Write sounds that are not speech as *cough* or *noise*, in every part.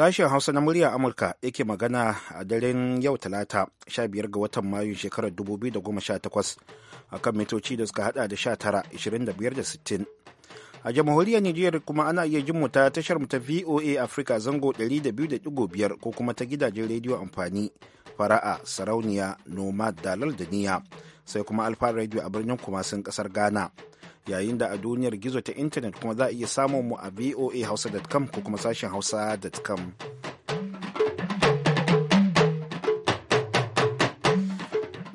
Sashen Hausa na murya Amurka yake magana a daren yau Talata 15 ga watan Mayu shekarar 2018 kan mitoci da suka hada da 19, 25 da 60. A jamhuriyar Nijiyar kuma ana iya jin mu ta tashar mu ta VOA Africa zango 200.5 ko kuma ta gidajen rediyo amfani fara'a sarauniya nomad dalar da niyya sai kuma alfa rediyo a birnin kumasin kasar Ghana. yayin da a duniyar gizo ta intanet kuma za a iya samun mu a voa hausa.com ko kuma sashen hausa.com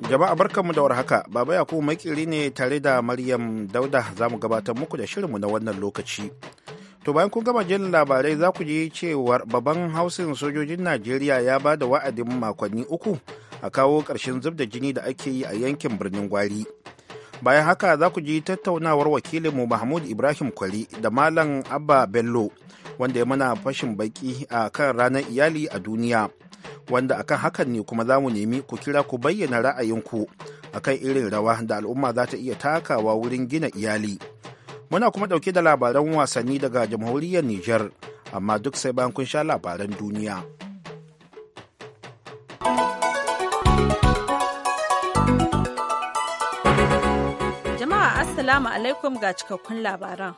jama'a barkanmu da warhaka baba yakubu maikiri ne tare da maryam dauda za mu gabatar muku da shirinmu na wannan lokaci to bayan kun gama jin labarai za ku ji cewar babban hausin sojojin najeriya ya ba da wa'adin makonni uku a kawo ƙarshen zub da jini da ake yi a yankin birnin gwari bayan haka za ku ji tattaunawar wakilinmu mahmud ibrahim kwali da malam abba bello wanda ya mana fashin baki a kan ranar iyali a duniya wanda akan hakan ne kuma za mu nemi ku kira ku bayyana ra'ayinku akan irin rawa da al'umma za ta iya takawa wurin gina iyali muna kuma ɗauke da labaran wasanni daga jamhuriyar niger amma duk sai bayan kun sha labaran duniya. Assalamu alaikum ga cikakkun labaran.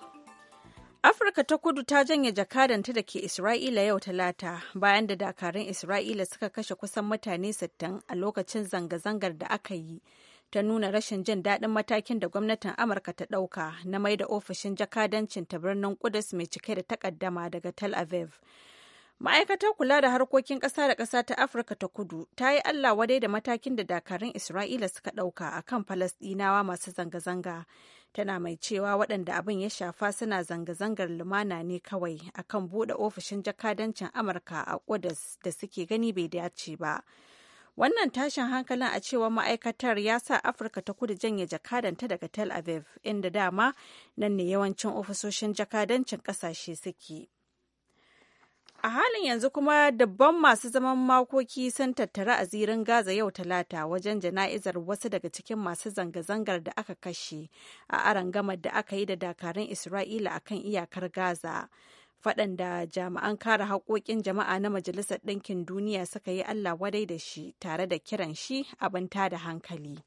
Afirka ta kudu ta janye jakadanta da ke Isra'ila yau talata bayan da dakarun Isra'ila suka kashe kusan mutane 60 a lokacin zanga-zangar da aka yi ta nuna rashin jin daɗin matakin da gwamnatin Amurka ta ɗauka na mai da ofishin jakadancin ta birnin Kudus mai cike da takaddama daga Tel Aviv. ma'aikatar kula da harkokin ƙasa da ƙasa ta afirka ta kudu ta yi allah wadai da matakin da dakarun isra'ila suka ɗauka a kan falasɗinawa masu zanga-zanga tana mai cewa waɗanda abin ya shafa suna zanga-zangar lumana ne kawai akan buɗe ofishin jakadancin amurka a kudus da suke gani bai dace ba wannan tashin hankalin a cewar ma'aikatar ya sa afirka ta kudu janye jakadanta daga tel aviv inda dama nan ne yawancin ofisoshin jakadancin ƙasashe suke A halin yanzu kuma dabban masu zaman makoki sun tattara a zirin Gaza yau talata wajen jana'izar wasu daga cikin masu zanga-zangar da aka kashe a arangamar da aka yi da dakarun Isra'ila a kan iyakar Gaza. Faɗan da jami'an kare haƙoƙin jama'a na Majalisar Ɗinkin Duniya suka yi Allah wadai da shi tare da kiran shi abin da hankali.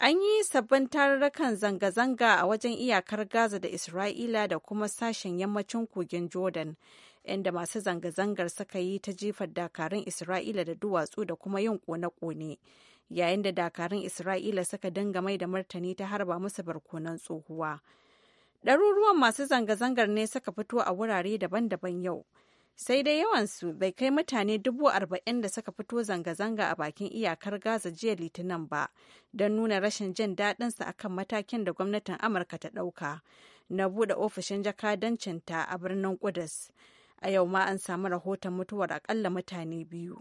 An yi sabbin tarurrukan zanga-zanga a wajen iyakar Gaza da Isra'ila da kuma sashen yammacin kogin Jordan inda masu zanga-zangar suka yi ta jefar dakarun Isra'ila da duwatsu da kuma yin kone-kone, yayin da dakarun Isra'ila suka dinga mai da martani ta harba musu barkonan tsohuwa. Ɗaruruwan masu zanga-zangar ne suka fito a wurare daban-daban yau. Sai dai yawansu bai kai mutane dubu arba'in da suka fito zanga-zanga a bakin iyakar Gaza jiya Litinin ba, don nuna rashin jin daɗin daɗinsa akan matakin da gwamnatin Amurka ta ɗauka na buɗe ofishin jakadancinta a birnin Kudus. a yau ma an samu rahoton mutuwar akalla mutane biyu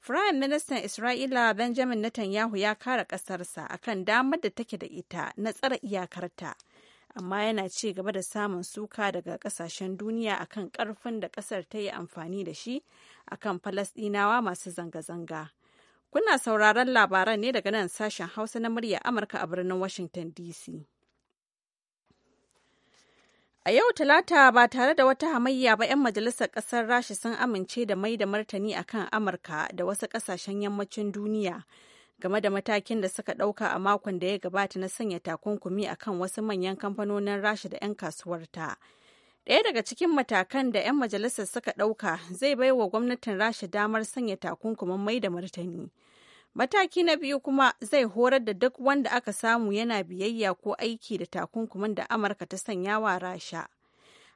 Firayim Ministan Isra'ila Benjamin Netanyahu ya kare ƙasarsa akan damar da take da ita na tsare iyakarta, amma yana ci gaba da samun suka daga ƙasashen duniya a kan ƙarfin da ƙasar ta yi amfani da shi a kan Falasɗinawa masu zanga-zanga. Kuna sauraron labaran ne daga nan sashen Hausa na murya Amurka a birnin Washington DC. A yau Talata ba tare da wata hamayya ba 'yan majalisar ƙasar Rasha sun amince da mai da martani a kan Amurka da wasu ƙasashen yammacin duniya game da matakin da suka ɗauka a makon da ya gabata na sanya takunkumi a kan wasu manyan kamfanonin Rasha da 'yan kasuwarta. Ɗaya daga cikin matakan da 'yan majalisar suka ɗauka zai bai wa gwamnatin Rasha damar sanya takunkumin mai da martani. Mataki na biyu kuma zai horar da duk wanda aka samu yana biyayya ko aiki da takunkumin da Amurka ta sanya wa Rasha.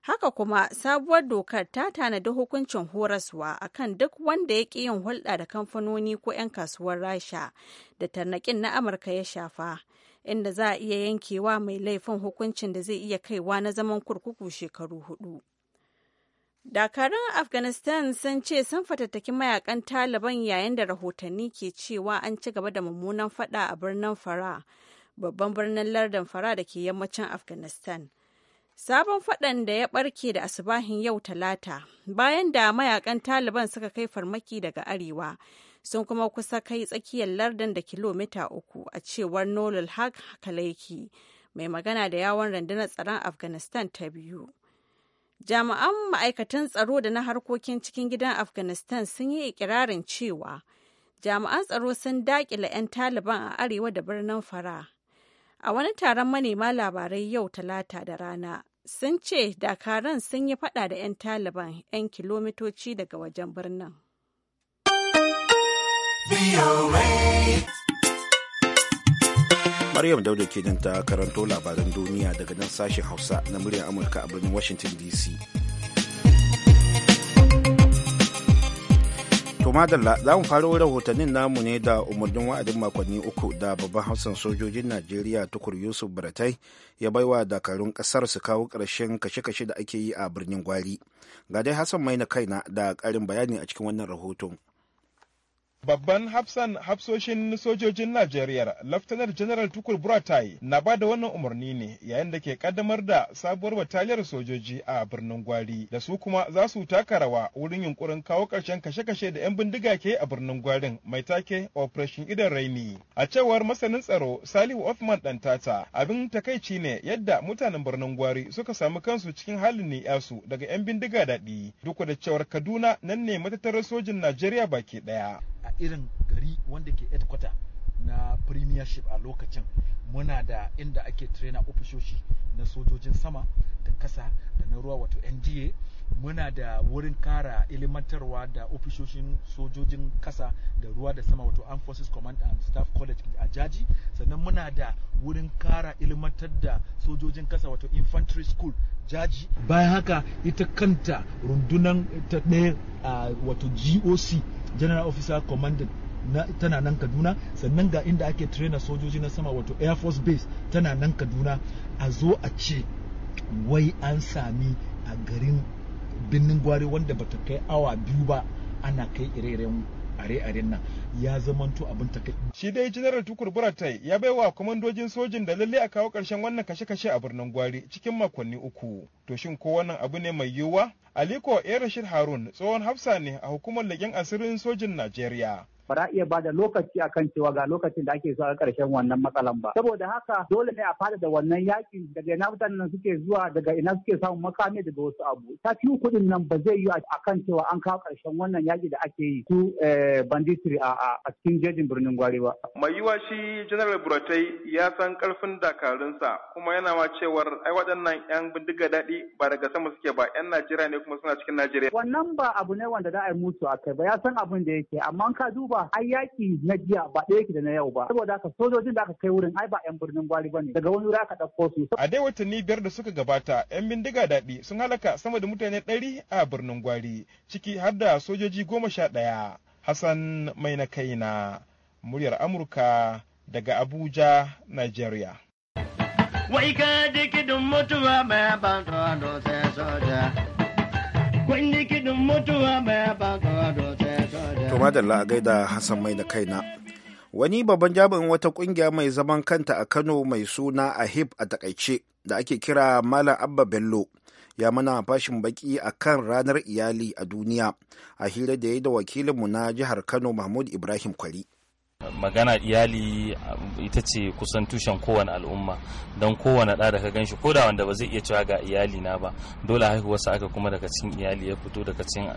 Haka kuma sabuwar dokar ta tanadi hukuncin horaswa akan duk wanda ya ƙi yin hulɗa da kamfanoni ko 'yan kasuwar Rasha da tarnaƙin na Amurka ya shafa, inda za a iya yankewa mai laifin hukuncin da zai iya kaiwa na zaman kurkuku shekaru hudu. Dakarun Afghanistan sun ce sun fatattaki mayakan Taliban yayin da rahotanni ke cewa an ci gaba da mummunan fada a birnin Fara, babban birnin lardin Fara da ke yammacin Afghanistan. Sabon fadan da ya barke da asubahin yau talata bayan da mayakan Taliban suka kai farmaki daga arewa sun kuma kusa kai tsakiyar lardin da kilomita uku a cewar Nolul Haq Kalaiki mai magana da yawon rundunar tsaron Afghanistan ta biyu. jami'an ma'aikatan tsaro da na harkokin cikin gidan afghanistan sun yi ikirarin cewa jami'an tsaro sun dakila 'yan taliban a arewa da birnin fara a wani taron manema labarai yau talata da rana sun ce dakaran sun yi fada da 'yan taliban 'yan kilomitoci daga wajen birnin. Maryam Dauda ke nan ta karanto labaran duniya daga nan sashen Hausa na muryar Amurka a birnin Washington DC. To madalla za mu faro rahotannin namu ne da umarnin wa'adin makonni uku da babban hausan sojojin Najeriya tukur Yusuf Baratai ya baiwa dakarun kasar su kawo ƙarshen kashe-kashe da ake yi a birnin Gwari. Ga dai Hassan Maina kaina da ƙarin bayani a cikin wannan rahoton. Babban hafsan hafsoshin sojojin Najeriya, Laftanar General Tukur Buratai na ba da wannan umarni ne yayin da ke kaddamar da sabuwar bataliyar sojoji a birnin Gwari, da su kuma za su taka rawa wurin yunkurin kawo ƙarshen kashe-kashe da 'yan bindiga ke a birnin Gwarin mai take Operation Idan Raini. A cewar masanin tsaro Salihu Othman Dantata, abin takaici ne yadda mutanen birnin Gwari suka samu kansu cikin halin ne yasu daga 'yan bindiga daɗi, duk da cewar Kaduna nan ne matattarar sojin Najeriya baki ɗaya. a irin gari wanda ke headquarter na premiership a lokacin muna da inda ake trainer ofishoshi na sojojin sama da kasa da na ruwa wato nda muna da wurin kara ilimantarwa da ofishoshin sojojin kasa da ruwa da sama wato armed forces command and staff college a jaji sannan muna da wurin kara ilimantar da sojojin kasa wato infantry school jaji bayan haka ita kanta rundunan ta ɗaya wato goc general officer commandant tana nan kaduna sannan ga inda ake trainer sojoji na sama wato air force base tana nan kaduna a zo a ce wai an sami a garin birnin gwari wanda bata kai awa biyu ba ana kai ire-iren are are nan ya zamanto abin ta kai. Shi dai General Tukur Buratai ya bai wa kwamandojin sojin da lalle a kawo karshen wannan kashe-kashe a birnin Gwari cikin makonni uku. To shin ko wannan abu ne mai yiwuwa? Aliko Air Rashid Harun tsohon hafsa ne a hukumar leƙen asirin sojin Najeriya. ba za iya bada lokaci a kan cewa ga lokacin da ake zuwa karshen wannan matsalan ba saboda haka dole ne a fada da wannan yakin daga ina mutanen suke zuwa daga ina suke samun makami daga wasu abu sati kuɗin nan ba zai yi a kan cewa an kawo karshen wannan yaki da ake yi Ku eh, banditiri a cikin jejin birnin gwari ba mai yiwa shi general buratai ya san karfin dakarunsa kuma yana ma cewar ai waɗannan yan bindiga daɗi ba daga sama suke ba yan najeriya ne kuma suna cikin najeriya wannan ba abu ne wanda za a yi mutu a kai ba ya san abin da yake amma ka duba ba ai yaki na jiya ba ɗaya yake da na yau ba saboda haka sojojin da aka kai wurin ai ba yan birnin gwari bane daga wani wuri aka ɗauko su. A dai watanni biyar da suka gabata yan bindiga daɗi sun halaka sama da mutane ɗari a birnin gwari ciki har da sojoji goma sha ɗaya. Hassan mai na kaina muryar Amurka daga Abuja, Nigeria. Wai ka kidin mutuwa mai ban wa sai soja. Kun kidin mutuwa mai ban tsoro To madalla a gaida Hassan mai da kaina. Wani babban jami'in wata kungiya mai zaman kanta a Kano mai suna Ahib a takaice da ake kira Malam Abba Bello ya mana fashin baki a kan ranar iyali a duniya a hira da ya yi da wakilinmu na jihar Kano Mahmud Ibrahim Kwari. magana iyali ita ce kusan tushen kowane al'umma don kowane ɗa da ka ganshi ko da wanda ba zai iya cewa ga iyali na ba dole haihuwarsa aka kuma daga cikin iyali ya fito daga cikin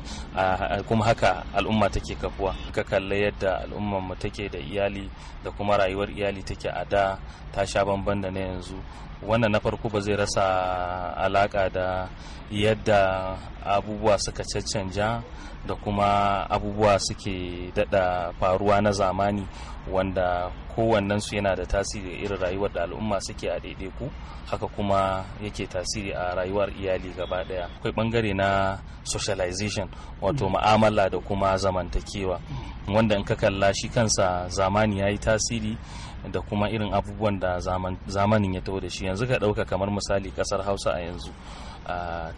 kuma haka al'umma take kafuwa ka kalla yadda al'ummar mu take da iyali da kuma rayuwar iyali take a da ta sha bamban da na yanzu wannan na farko ba zai rasa alaka da yadda abubuwa suka caccanja da kuma abubuwa suke dada faruwa na zamani wanda kowannen su yana da tasiri irin rayuwar da al'umma suke a ku haka kuma yake tasiri a rayuwar iyali gaba daya akwai bangare na socialization wato mm. ma'amala da kuma zamantakewa wanda in ka kalla shi kansa zamani ya yi tasiri da kuma irin abubuwan da zamanin ya taho da shi yanzu ka ɗauka kamar misali kasar hausa a yanzu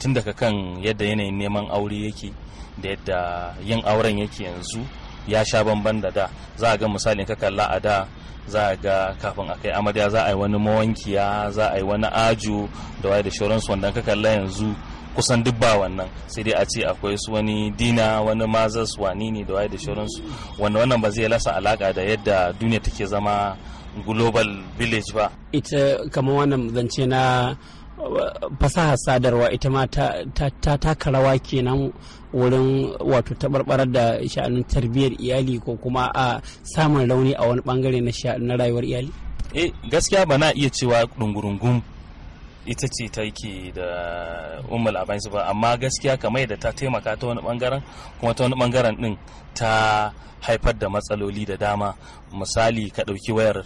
tun daga kan yadda yanayin neman aure yake da yadda yin auren yake yanzu ya sha bamban da da za a ga misalin ka kalla a da za a ga kafin a kai amarya za a yi wani mawankiya za a yi wani aju da waye da shauransu wanda ka kalla yanzu kusan duk wannan sai dai a ce akwai su wani dina wani mazas wani ne da waye da shauransu wanda wannan ba zai lasa alaka da yadda duniya take zama global village ba ita kamar wannan zance na fasahar sadarwa ita ma ta taka rawa kenan wurin wato tabarbarar da sha'anin tarbiyyar iyali ko kuma a samun rauni a wani bangare na rayuwar iyali? eh gaskiya ba na iya cewa ɗungurungun ita ce ta ke da umar su ba amma gaskiya kamar yadda ta taimaka ta wani bangaren kuma ta wani bangaren din ta haifar da matsaloli da dama misali ka ɗauki wayar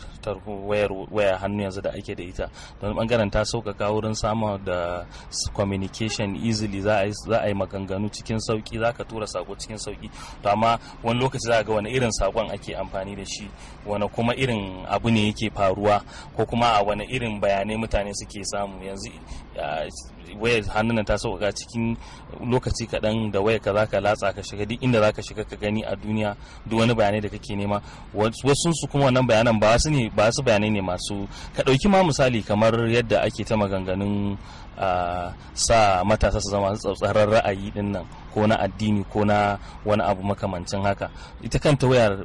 wayar waya hannu yanzu da ake da ita don bangaren ta sauƙaƙa wurin samun da communication easily za a yi maganganu cikin sauƙi za ka tura sako cikin sauƙi to amma wani lokaci za ga wani irin sakon ake amfani da shi wani kuma irin abu ne yake faruwa ko kuma a wani irin bayanai mutane suke samu yanzu wayar hannun ta sauka cikin lokaci kaɗan da waya ka zaka latsa ka shiga duk inda zaka shiga ka gani a duniya duk wani bayanai da kake nema wasu su kuma wannan bayanan ba su ba su bayanai ne masu ka ɗauki ma misali kamar yadda ake ta maganganun a sa matasa su zama tsatsarar ra'ayi din nan ko na addini ko na wani abu makamancin haka ita kanta wayar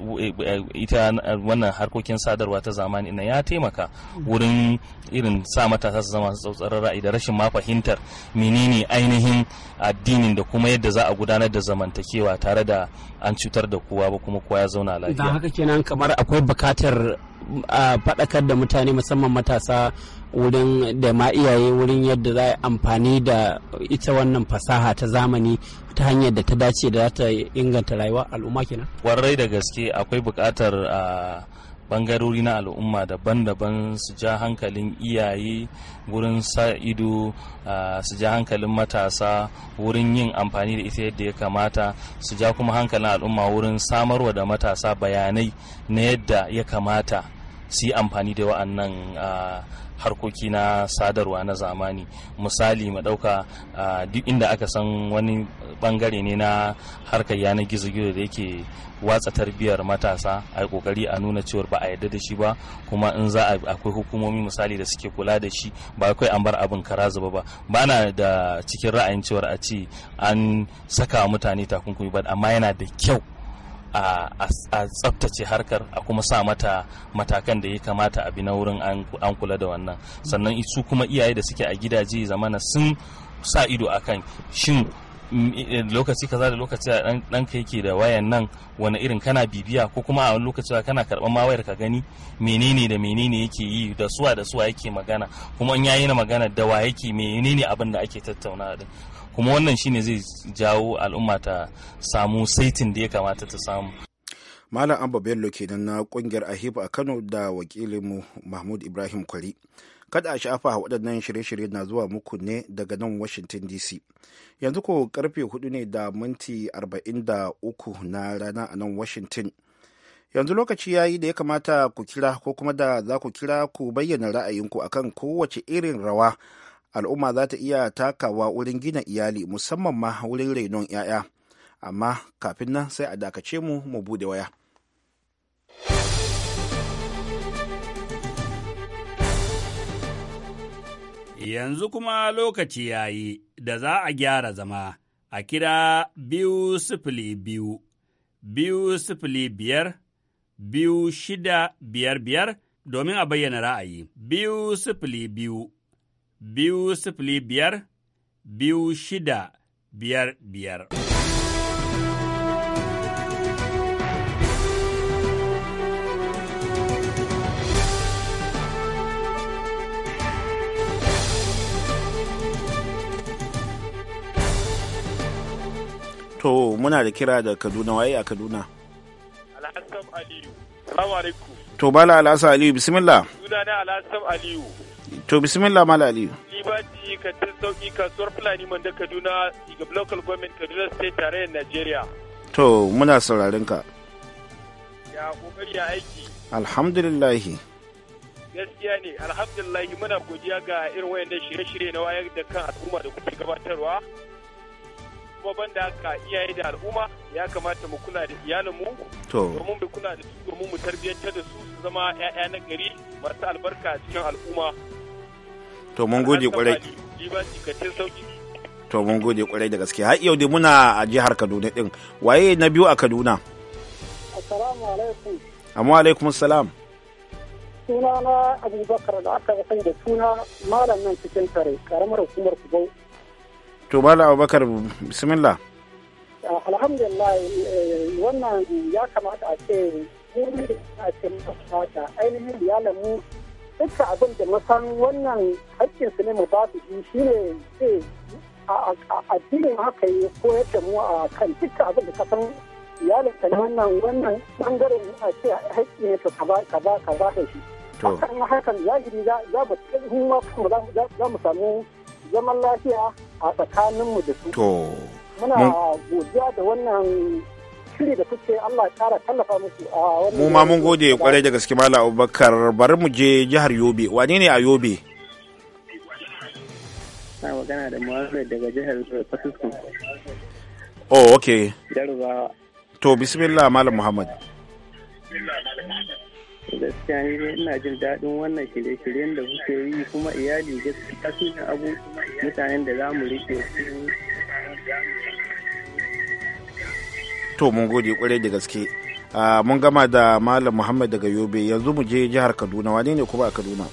ita wannan harkokin sadarwa ta zamani na ya taimaka wurin irin sa matasa su zama tsatsarar ra'ayi da rashin ma fahimtar menene ainihin addinin da kuma yadda za a gudanar da zamantakewa tare da an cutar da kowa ba kuma kowa ya zauna lafiya. Da haka kenan kamar akwai bukatar A faɗakar da mutane musamman matasa wurin da ma iyaye wurin yadda za a amfani da ita wannan fasaha ta zamani ta hanyar da ta dace da za ta inganta rayuwa al'umma kenan. Warrai da gaske akwai buƙatar ah, bangarori na al'umma daban-daban su ja hankalin iyaye wurin sa ido su ja hankalin matasa wurin yin amfani da ita yadda ya kamata su ja kuma hankalin al'umma wurin samarwa da matasa bayanai na yadda ya kamata su yi amfani da wa'annan harkoki na sadarwa na zamani misali mu ɗauka duk inda aka san wani bangare ne na harkar yanar gizo-gizo da yake watsa tarbiyyar matasa a kokari a nuna cewar ba a yarda da shi ba kuma in za a akwai hukumomi misali da suke kula da shi ba akwai an bar abin kara zuba ba ba na da cikin ra'ayin cewar a ce an saka mutane takunkumi ba amma yana da kyau a tsaftace harkar a kuma sa mata matakan da ya kamata abi na wurin an kula da wannan sannan su kuma iyaye da suke a gidaje zamana sun sa ido akan shin mm, lokaci kaza da lokaci a ɗanka yake da wayan nan wani irin kana bibiya ko kuma a wani lokaci kana karɓar ma ka gani menene da menene yake yi da suwa da suwa yake magana kuma in yayi na magana da wa yake menene abin da ake tattauna da kuma wannan shine zai jawo al'umma ta samu saitin da ya kamata ta samu malam abba bello kenan na kungiyar ahib a kano da wakilinmu mahmud ibrahim kwari kada a a waɗannan shirye-shirye na zuwa muku ne daga nan washington dc yanzu ko karfe hudu ne da minti 43 na rana a nan washington yanzu lokaci ya yi da ya kamata ku kira ko kuma da za ku kira ku bayyana ra'ayinku akan kowace irin rawa al'umma za ta iya takawa wurin gina iyali musamman ma wurin rainon 'ya'ya amma kafin nan sai a dakace mu mu bude waya yanzu kuma lokaci ya yi da za a gyara zama a kira biyu sifili biyu biyu sifili biyar biyu shida biyar biyar domin a bayyana ra'ayi biyu sifili biyu biyu sifili biyar biyu shida biyar biyar. To muna da kira da Kaduna waye a Kaduna. Alhassan Aliyu. Salamu alaikum. To bala Alhassan Aliyu bismillah. Sunana Alhassan Aliyu. to bismillah mala aliyu ka Kadir Sauki kasuwar Fulani da Kaduna daga local government Kaduna state tarayyar nigeria. To muna sauraron ka. Ya kokari ya aiki. Alhamdulillahi. Gaskiya ne alhamdulillah muna godiya ga irin wayannan shirye-shirye na wayar da kan al'umma da kuke gabatarwa. Kuma ban da haka iyaye da al'umma ya kamata mu kula da iyalinmu. To. Domin mu kula da su domin mu tarbiyyantar da su su zama 'ya'ya na gari masu albarka cikin al'umma. to mun gode kwarai to mun gode kwarai da gaske har yau dai muna a jihar Kaduna din waye na biyu a Kaduna assalamu alaikum amma alaikum salam suna na abubakar da aka sani da suna malam nan cikin tare karamar hukumar ku bau to malam abubakar bismillah ah, alhamdulillah eh, wannan ya kamata a ce a ce ainihin iyalan mu duka abin da musan wannan haƙƙinsu ne mu ba su shi shi ne addinin haka yi koyar ya mu a kan duka abin da kasan iyalin ta wannan wannan bangaren a ce haƙƙi ne ka ba ka ba ka shi hakan hakan zahiri za mu za mu samu zaman lafiya a tsakaninmu da su muna godiya da wannan shiri da kuke Allah ya kara tallafa musu a wannan mu ma mun gode kwarai da gaske Malam Abubakar bari mu je jihar Yobe wane ne a Yobe na magana da Muhammad daga jihar Fasisko oh okay Jarubawa to bismillah Malam Muhammad gaskiya ne ina jin daɗin wannan shirye-shiryen da kuke yi kuma iyali gaskiya su ne abu mutanen da za mu rike su to mun gode kwarai da gaske ah, mun gama da malam muhammad daga yobe yanzu mu je jihar kaduna wane ne kuma a kaduna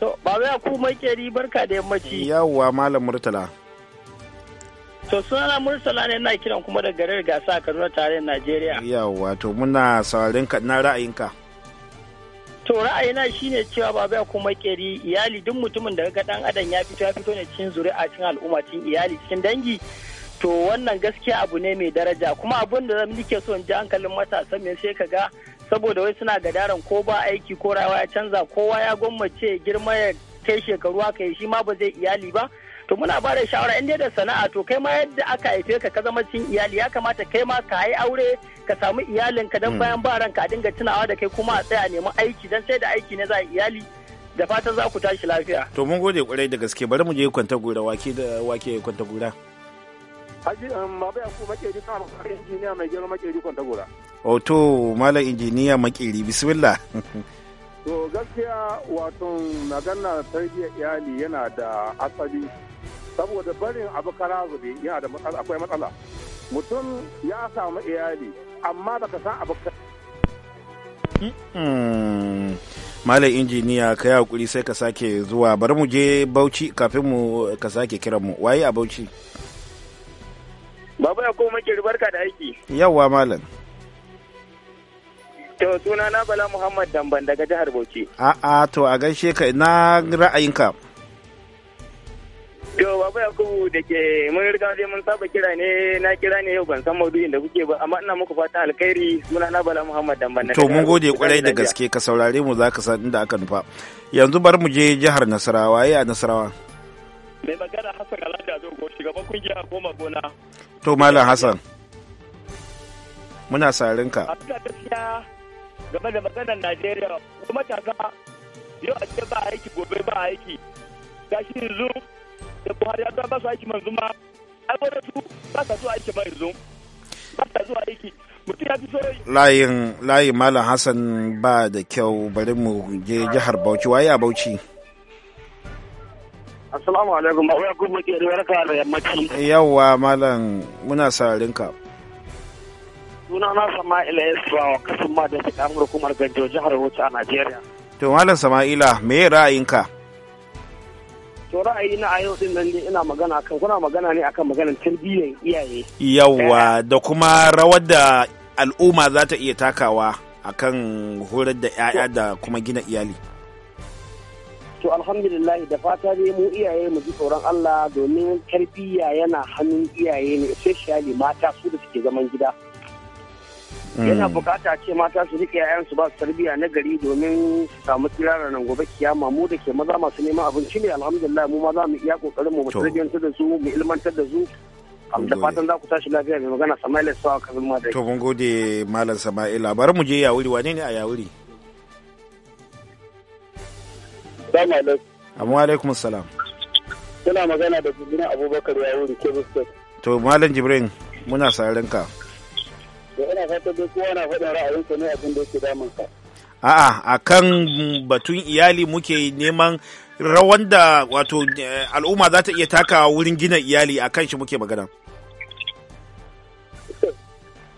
to ba ya ku keri barka da yammaci yawwa malam murtala to sunana murtala ne na kiran kuma daga garin gasa a kaduna tarayyar najeriya yawwa to muna saurin ka na ra'ayinka to ra'ayina shine cewa ba ya kuma keri iyali duk mutumin da ga dan adam ya fito ya fito ne cikin zuri'a cikin al'umma cikin iyali cikin dangi to wannan gaskiya abu ne mai daraja kuma abun da nike so in ji hankalin matasan mai sai kaga saboda wai suna gadaran ko ba aiki ko rayuwa ya canza kowa ya gwammace girma ya kai shekaru haka ya shi ma ba zai iyali ba to muna ba da shawara in da sana'a to kai ma yadda aka haife ka ka zama cikin iyali ya kamata kai ma ka yi aure ka samu iyalin ka dan mm. bayan ba ranka a dinga tunawa da kai kuma a tsaya neman aiki dan sai da aiki ne za a iyali da fatan za ku tashi lafiya to mun gode kwarai da gaske bari mu je kwanta gura wake da wake kwanta gura Haji um, injiniya mai Malam injiniya Makeri bismillah. *laughs* To gaskiya wato magana tarbiyyar iyali yana da asali saboda barin abu kara zube yana da matsala akwai matsala. Mutum ya samu iyali amma baka san abu Malam injiniya ka yi hakuri sai ka sake zuwa bari mu je Bauchi kafin mu ka sake kiran mu waye a Bauchi. Baba ya koma ke barka da aiki. Yawwa malam. To suna na Bala Muhammad Damban daga jihar Bauchi. A'a to a gaishe ka na ra'ayinka. To Baba Yakubu da ke mun riga dai mun saba kira ne na kira ne yau ban san maudu'in da kuke ba amma ina muku fata alkhairi suna na Bala Muhammad Damban. To mun gode kwarai da gaske ka saurare mu zaka san inda aka nufa. Yanzu bar mu je jihar Nasarawa yayi a Nasarawa. Mai magana Hassan Alhaji Azogo shugaban kungiya goma gona. to malam hassan muna sarin ka abinda gaskiya game da maganar najeriya kuma matasa yau a ce ba aiki gobe ba aiki ga shi yanzu da buhari ya ba su aiki manzu ma ai wani su ba sa zuwa aiki mai yanzu ba sa zuwa aiki mutum ya fi so layin layin malam hassan ba da kyau bari mu je jihar bauchi waye a bauchi Assalamu alaikum, mawaya kuma ke barka da yammaci. Yawwa malam muna sararin ka. Suna na Sama'ila Yasuwa wa kasan ma da suka amur kumar ganjo jihar Bauchi a Najeriya. To malam Sama'ila me ra'ayinka? To ra'ayi na a yau din nan ina magana kan kuna magana ne akan maganar tarbiyyar iyaye. Yawwa eh. da kuma rawar da al'umma za ta iya takawa akan horar da 'ya'ya da kuma gina iyali. To alhamdulillah da fata dai mu iyaye mu ji tsoron Allah domin tarbiyya yana hannun iyaye ne especially mata su da suke zaman gida. Mm. Yana bukata ce mata su rike yayan su ba su tarbiyya na gari domin su samu tsirara nan gobe kiyama mu da ke maza masu neman abinci ne alhamdulillah mu ma za mu iya kokarin mu mu tarbiyyantar da su mu ilmantar da su da fatan za ku tashi lafiya mai magana Sama'ila su Sawa Kazin Madari. To mun gode Malam Sama'ila bari mu je Yawuri wane ne a Yawuri? Salamu alaikum. Amma salam. Kuna magana da Jibrin Abubakar ya wuri Kebbi To Malam Jibrin muna sauraron ka. Da Ina fata duk kowa na faɗin ra'ayinsa ne abin da yake damun ka. A'a a kan batun iyali muke neman rawan da wato eh, al'umma za ta iya taka wurin gina iyali a kan shi muke magana.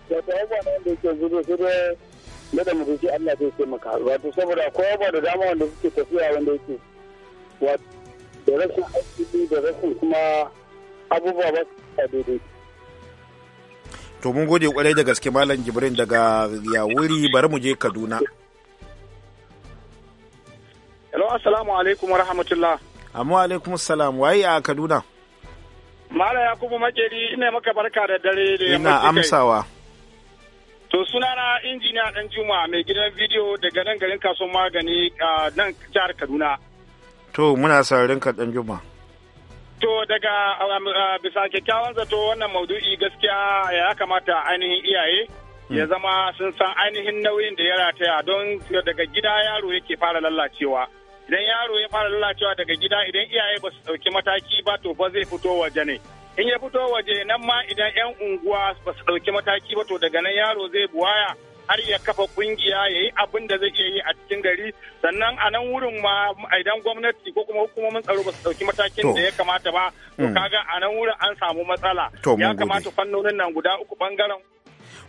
Da ta na wanda yake zuru-zuru na da ce Allah zai taimaka wato saboda akwai ba da dama wanda suke tafiya wanda yake da rashin aiki da rashin kuma abubuwa ba su daidai to mun gode kwarai da gaske malam jibrin daga yawuri bari mu je kaduna hello assalamu alaikum wa rahmatullah amma alaikum salam waye a kaduna mala yakubu makeri ina maka barka da dare da ina amsawa To sunana injiniya ɗan Juma mai gidan bidiyo daga nan garin kasuwar magani a nan jihar Kaduna. To muna sararin ka ɗan Juma. To daga bisa kyakkyawan zato wannan maudu'i gaskiya ya kamata ainihin iyaye hmm. ya zama sun san ainihin nauyin da ya rataya don daga gida yaro yake fara lallacewa. Idan yaro ya fara lallacewa daga gida idan iyaye ba su ɗauki mataki ba to ba zai fito waje ne. in ya fito waje nan ma idan 'yan unguwa ba su ɗauki mataki ba to daga nan yaro zai buwaya har ya kafa kungiya ya yi abin da zai iya yi a cikin gari sannan a nan wurin ma idan gwamnati ko kuma hukumomin tsaro ba su ɗauki matakin da ya kamata ba to hmm. kaga a nan wurin an samu matsala ya kamata fannonin nan guda uku bangaren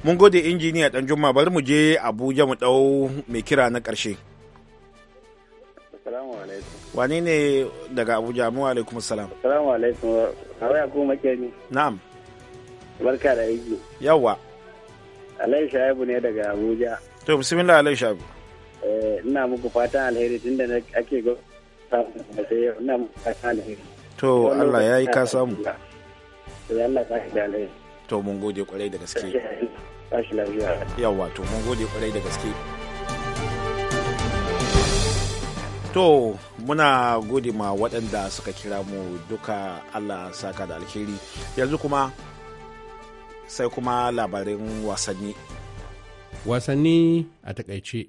mun gode injiniya dan juma bari mu je abuja mu ɗau mai kira na ƙarshe wane ne daga abuja mu alaikum salam assalamu alaikum Hawa ya kuma kyari. Na'am. Barka da aiki. Yawwa. Alai Shaibu ne daga Abuja. To bismillah Alai Shaibu. Eh ina muku fatan alheri tun tunda ake go sai ina muku fatan alheri. To Allah ya yi ka samu. Allah alheri. To mun gode kwarai da gaske. yawa to mun gode kwarai da gaske. To muna gode ma waɗanda suka kira mu duka Allah saka da alheri yanzu kuma sai kuma labarin wasanni. Wasanni a takaice.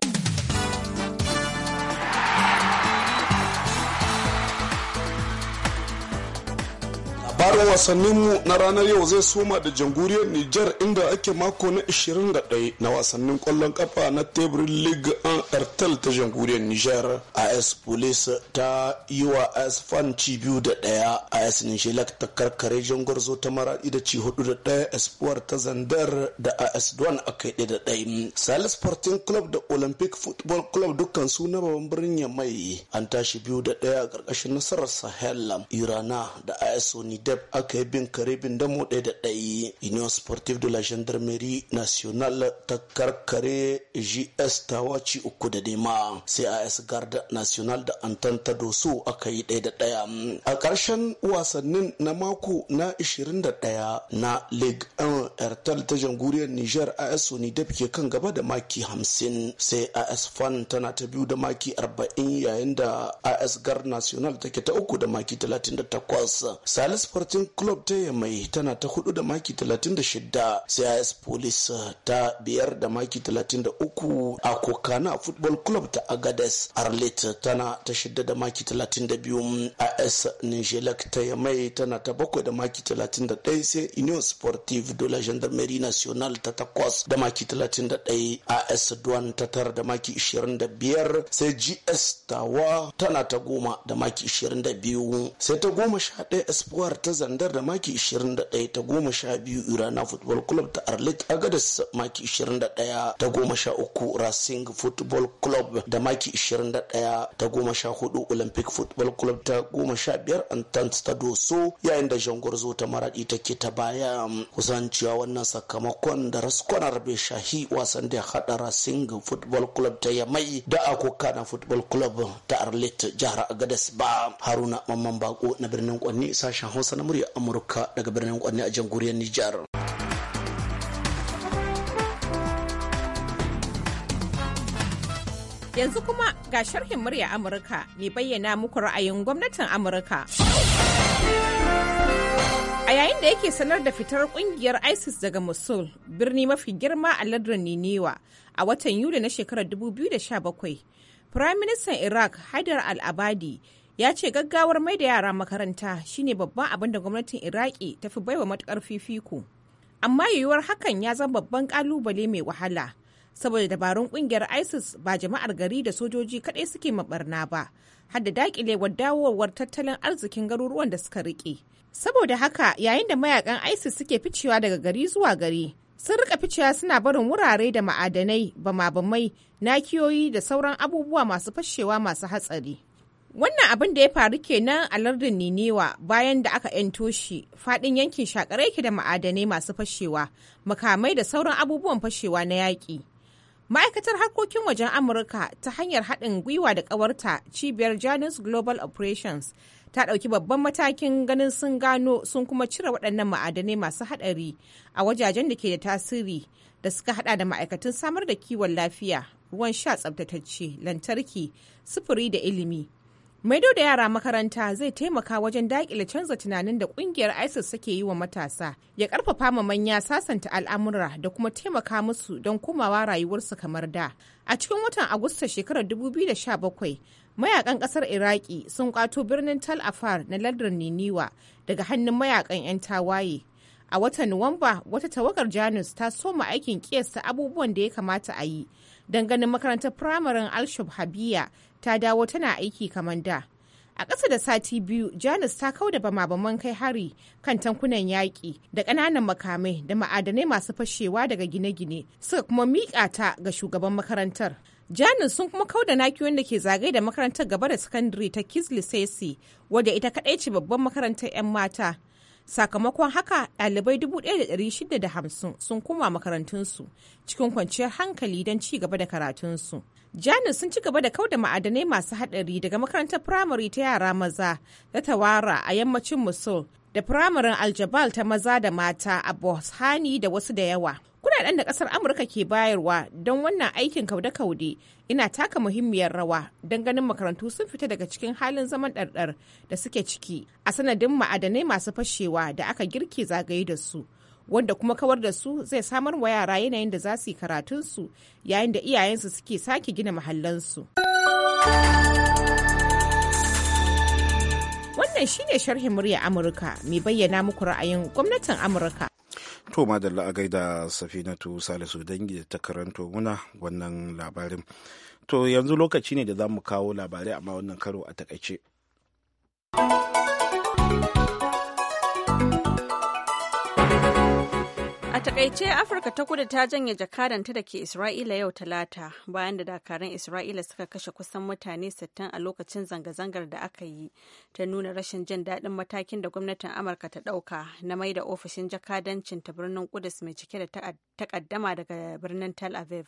Labarin wasanninmu na ranar yau zai soma da janguriyar Nijar inda ake mako na 21 na wasannin kwallon kafa na teburin League an Ertel ta janguriyar Nijar. AS Police ta yi wa AS Fan ci biyu da ɗaya. AS Nijelak ta karkare jangwarzo ta maraɗi da ci hudu da ɗaya. Espoir ta Zandar da AS Duan a kai da daya. Sahel Sporting Club da Olympic Football Club dukkan su na babban birnin Yamai an tashi biyu da daya a ƙarƙashin nasarar Sahel Irana da AS Onida Jeb aka yi bin kare bin damo ɗaya da ɗaya union sportive de la gendarmerie nationale ta karkare gs tawaci uku da nema CIS garda Nationale da antanta doso aka yi ɗaya da ɗaya a ƙarshen wasannin na mako na 21 na league 1 ertel ta jamhuriyar niger as sonidab ke kan gaba da maki 50 sai as fan tana ta biyu da maki 40 yayin da as gar national take ta uku da maki 38 salis Sporting Club ta Yamai tana ta hudu da maki 36 sai AS Police ta biyar da maki 33 a Kokana Football Club ta Agades Arlet tana ta shidda da maki 32 AS Nijelak ta Yamai tana ta bakwai da maki 31 sai Union Sportive de la Gendarmerie Nationale ta takwas da maki 31 AS Duan ta tara da maki 25 sai GS Tawa tana ta goma da maki 22 sai ta goma sha ɗaya Espoir ta ta zandar da maki 21 ta goma sha biyu irana football club ta arlit agadis maki 21 ta goma sha uku racing football club da maki 21 ta goma sha hudu olympic football club ta goma sha biyar antant ta doso yayin da jangorzo ta maradi take ta baya kusan cewa wannan sakamakon da raskwanar bai shahi wasan da ya hada racing football club ta yamai da akoka na football club ta arlit jihar agadas ba haruna mamman bako na birnin kwanni sashen hausa na murya Amurka daga birnin Kwanne a jamhuriyar Nijar. Yanzu kuma ga sharhin murya Amurka mai bayyana muku ra'ayin gwamnatin Amurka. A yayin da yake sanar da fitar kungiyar ISIS daga Mosul, birni mafi girma a ladran Ninewa a watan Yuli na shekarar 2017, Firaministan Iraq Haidar al-Abadi ya ce gaggawar mai da yara makaranta shine babban abin da gwamnatin iraki ta fi baiwa matukar fifiko amma yiwuwar hakan ya zama babban kalubale mai wahala saboda dabarun kungiyar isis ba jama'ar gari da sojoji kadai suke mabarna ba har da dakilewar dawowar tattalin arzikin garuruwan da suka rike saboda haka yayin da mayakan isis suke ficewa daga gari zuwa gari sun rika ficewa suna barin wurare da ma'adanai bama-bamai nakiyoyi da sauran abubuwa masu fashewa masu hatsari Wannan abin da ya faru kenan a lardin Ninewa bayan da aka 'yanto shi faɗin yankin shakare yake da ma'adanai masu fashewa, makamai da sauran abubuwan fashewa na yaƙi. Ma'aikatar harkokin wajen Amurka ta hanyar haɗin gwiwa da ƙawarta cibiyar Janus Global Operations ta ɗauki babban matakin ganin sun gano sun kuma cire waɗannan ma'adanai masu haɗari a wajajen da ke da tasiri da suka haɗa da ma'aikatun samar da kiwon lafiya, ruwan sha tsabtatacce, lantarki, sufuri da ilimi. Maido da yara makaranta zai taimaka wajen daƙile canza tunanin da ƙungiyar ISIS suke yi wa matasa, ya ƙarfafa ma manya sasanta al'amura da kuma taimaka musu don komawa rayuwarsu kamar da. A cikin watan Agusta shekarar 2017, mayakan ƙasar Iraki sun ƙwato birnin Tal Afar na lardin Niniwa daga hannun mayakan 'yan tawaye. A watan Nuwamba, wata tawagar Janus ta soma aikin ƙiyasta abubuwan da ya kamata a yi. ganin makarantar firamaren al Habiya. ta dawo tana aiki kamar da a ƙasa da sati biyu Janus ta kau da bama-baman kai hari kan tankunan yaƙi da ƙananan makamai da ma'adanai masu fashewa daga gine-gine suka kuma miƙa ta ga shugaban makarantar Janus sun kuma kau da naki da ke zagaye da makarantar gaba da sakandare ta kisli sesi wadda ita kaɗai ce babban makarantar 'yan mata Sakamakon haka ɗalibai 1,650 sun koma makarantunsu cikin kwanciyar hankali don ci gaba da karatunsu. Janus sun ci gaba da kau da ma'adanai masu haɗari daga makarantar firamare ta yara maza ta Tawara a yammacin Musul da firamarin Aljabal ta maza da mata a Boshani da wasu da yawa. kuɗaɗen da kasar amurka ke bayarwa don wannan aikin kaude-kaude ina taka muhimmiyar rawa don ganin makarantu sun fita daga cikin halin zaman ɗarɗar da suke ciki a sanadin ma'adanai masu fashewa da aka girke zagaye da su wanda kuma kawar da su zai samar wa yara yanayin da za su yi karatunsu yayin da iyayensu suke sake gina mahallansu. Wannan shine sharhin murya Amurka mai bayyana muku ra'ayin gwamnatin Amurka. To madalla a gaida Safinatu Salisu dangi da ta karanto muna wannan labarin. To yanzu lokaci ne da za mu kawo labarai amma wannan karo a takaice. A takaice Afirka ta kudu ta janye jakadanta da ke Isra'ila yau talata bayan da dakarun Isra'ila suka kashe kusan mutane 60 a lokacin zanga-zangar da aka yi ta nuna rashin jin daɗin matakin da gwamnatin Amurka ta ɗauka na mai da ofishin jakadancin ta birnin Kudus mai cike da takaddama daga birnin Tel Aviv.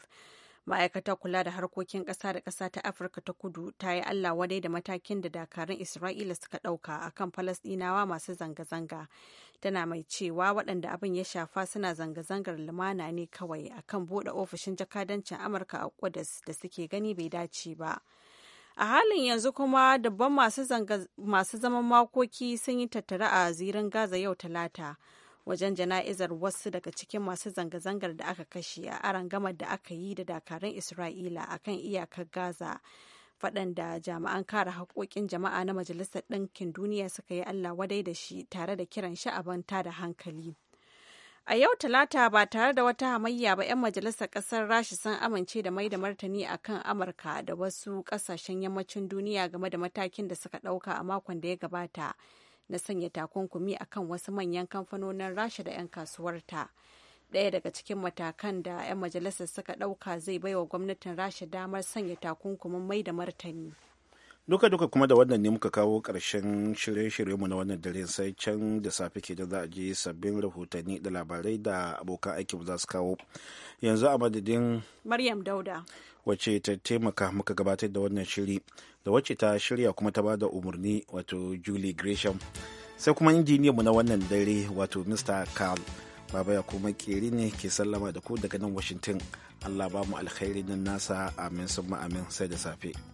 ma'aikatar kula da harkokin ƙasa da ƙasa ta afirka ta kudu ta yi allah wadai da matakin da dakarun isra'ila suka ɗauka kan falasɗinawa masu zanga-zanga tana mai cewa waɗanda abin ya shafa suna zanga-zangar lumana ne kawai a kan buɗe ofishin jakadancin amurka a kudus da suke gani bai dace ba a halin yanzu kuma dabban masu zaman makoki sun yi tattara a zirin gaza yau talata wajen jana'izar wasu daga cikin masu zanga-zangar da aka kashe a arangamar da aka yi da dakarun isra'ila a kan iyakar gaza faɗan da jami'an kare haƙoƙin jama'a na majalisar ɗinkin duniya suka yi allah wadai da shi tare da kiran banta da hankali a yau talata ba tare da wata hamayya ba 'yan majalisar ƙasar rashi sun amince da mai da martani a kan amurka da wasu ƙasashen yammacin duniya game da matakin da suka ɗauka a makon da ya gabata na sanya takunkumi a kan wasu manyan kamfanonin rasha da 'yan kasuwarta ɗaya daga cikin matakan da 'yan majalisar suka ɗauka zai baiwa gwamnatin rasha damar sanya takunkumin mai da martani duka duka kuma da wannan ne muka kawo ƙarshen shirye mu na wannan dare sai can da safe ke da za a je sabbin rahotanni da labarai da abokan aikin za su kawo yanzu a madadin maryam dauda wacce ta taimaka muka gabatar da wannan shiri da wacce ta shirya kuma ta bada umarni wato julie gresham sai kuma mu na wannan dare wato mr carl baba ya kuma keri ne ke sallama da ku daga nan washington allah ba mu nan nasa amin sun amin sai da safe